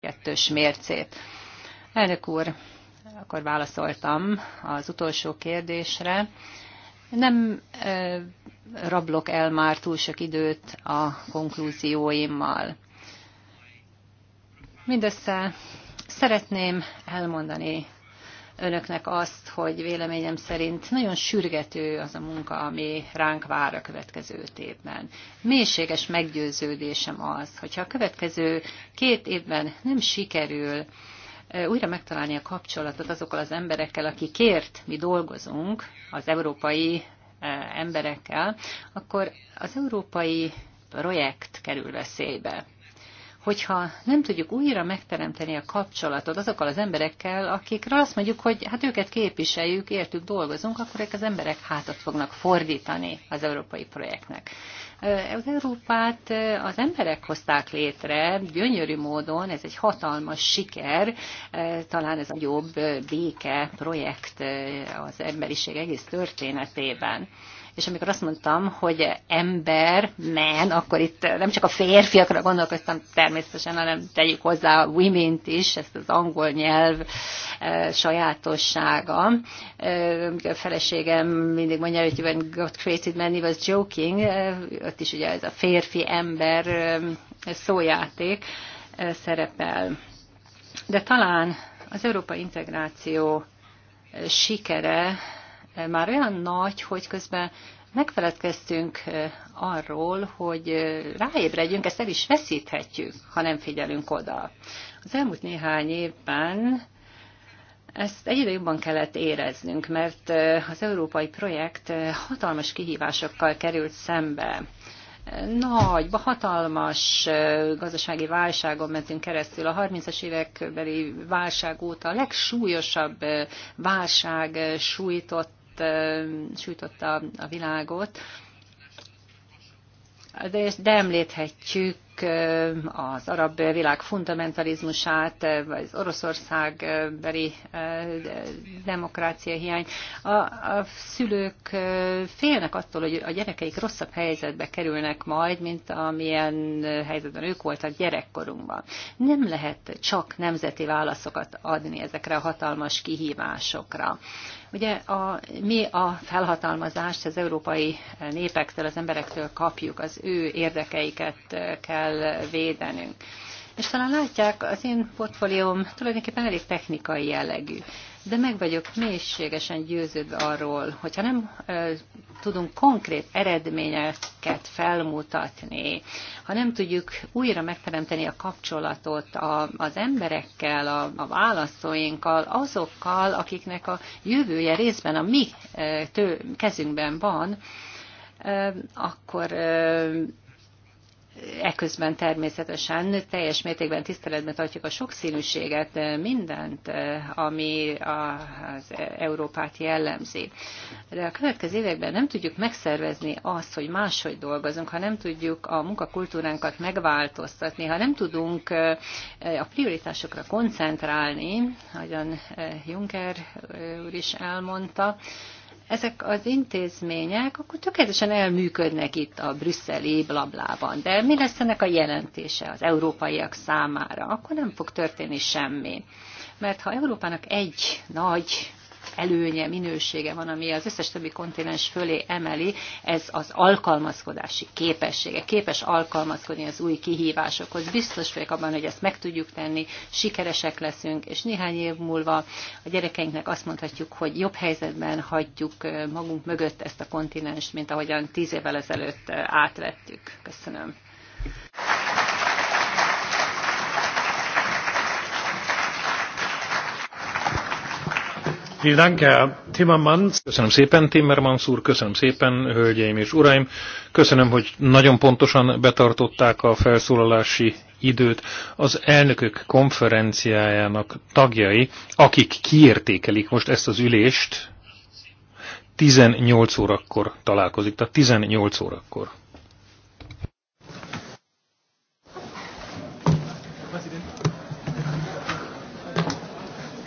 kettős mércét. Elnök úr, akkor válaszoltam az utolsó kérdésre. Nem rablok el már túl sok időt a konklúzióimmal. Mindössze szeretném elmondani önöknek azt, hogy véleményem szerint nagyon sürgető az a munka, ami ránk vár a következő öt évben. Mélységes meggyőződésem az, hogyha a következő két évben nem sikerül újra megtalálni a kapcsolatot azokkal az emberekkel, akikért mi dolgozunk, az európai emberekkel, akkor az európai projekt kerül veszélybe hogyha nem tudjuk újra megteremteni a kapcsolatot azokkal az emberekkel, akikről azt mondjuk, hogy hát őket képviseljük, értük, dolgozunk, akkor ezek az emberek hátat fognak fordítani az európai projektnek. Az Európát az emberek hozták létre, gyönyörű módon, ez egy hatalmas siker, talán ez a jobb béke projekt az emberiség egész történetében és amikor azt mondtam, hogy ember, men, akkor itt nem csak a férfiakra gondolkoztam természetesen, hanem tegyük hozzá a women is, ezt az angol nyelv e, sajátossága. E, a feleségem mindig mondja, hogy when God created man, he was joking, e, ott is ugye ez a férfi ember e, szójáték e, szerepel. De talán az európai integráció e, sikere már olyan nagy, hogy közben megfeledkeztünk arról, hogy ráébredjünk, ezt el is veszíthetjük, ha nem figyelünk oda. Az elmúlt néhány évben ezt egyre jobban kellett éreznünk, mert az európai projekt hatalmas kihívásokkal került szembe. Nagy, hatalmas gazdasági válságon mentünk keresztül. A 30-as évekbeli válság óta a legsúlyosabb válság sújtott sújtotta a világot, de, de említhetjük az arab világ fundamentalizmusát, vagy az Oroszország beli demokrácia hiány. A, a szülők félnek attól, hogy a gyerekeik rosszabb helyzetbe kerülnek majd, mint amilyen helyzetben ők voltak gyerekkorunkban. Nem lehet csak nemzeti válaszokat adni ezekre a hatalmas kihívásokra. Ugye a, mi a felhatalmazást az európai népektől, az emberektől kapjuk, az ő érdekeiket kell kell védenünk. És talán látják, az én portfólióm tulajdonképpen elég technikai jellegű. De meg vagyok mélységesen győződve arról, hogyha nem e, tudunk konkrét eredményeket felmutatni, ha nem tudjuk újra megteremteni a kapcsolatot a, az emberekkel, a, a választóinkkal, azokkal, akiknek a jövője részben a mi e, tő, kezünkben van, e, akkor e, Eközben természetesen teljes mértékben tiszteletben tartjuk a sokszínűséget, eh, mindent, eh, ami az Európát jellemzi. De a következő években nem tudjuk megszervezni azt, hogy máshogy dolgozunk, ha nem tudjuk a munkakultúránkat megváltoztatni, ha nem tudunk eh, a prioritásokra koncentrálni, ahogyan Juncker úr is elmondta, ezek az intézmények akkor tökéletesen elműködnek itt a brüsszeli blablában. De mi lesz ennek a jelentése az európaiak számára? Akkor nem fog történni semmi. Mert ha Európának egy nagy előnye, minősége van, ami az összes többi kontinens fölé emeli, ez az alkalmazkodási képessége. Képes alkalmazkodni az új kihívásokhoz. Biztos vagyok abban, hogy ezt meg tudjuk tenni, sikeresek leszünk, és néhány év múlva a gyerekeinknek azt mondhatjuk, hogy jobb helyzetben hagyjuk magunk mögött ezt a kontinens, mint ahogyan tíz évvel ezelőtt átvettük. Köszönöm. Köszönöm szépen, Timmermans úr, köszönöm szépen, hölgyeim és uraim. Köszönöm, hogy nagyon pontosan betartották a felszólalási időt. Az elnökök konferenciájának tagjai, akik kiértékelik most ezt az ülést, 18 órakor találkozik, tehát 18 órakor.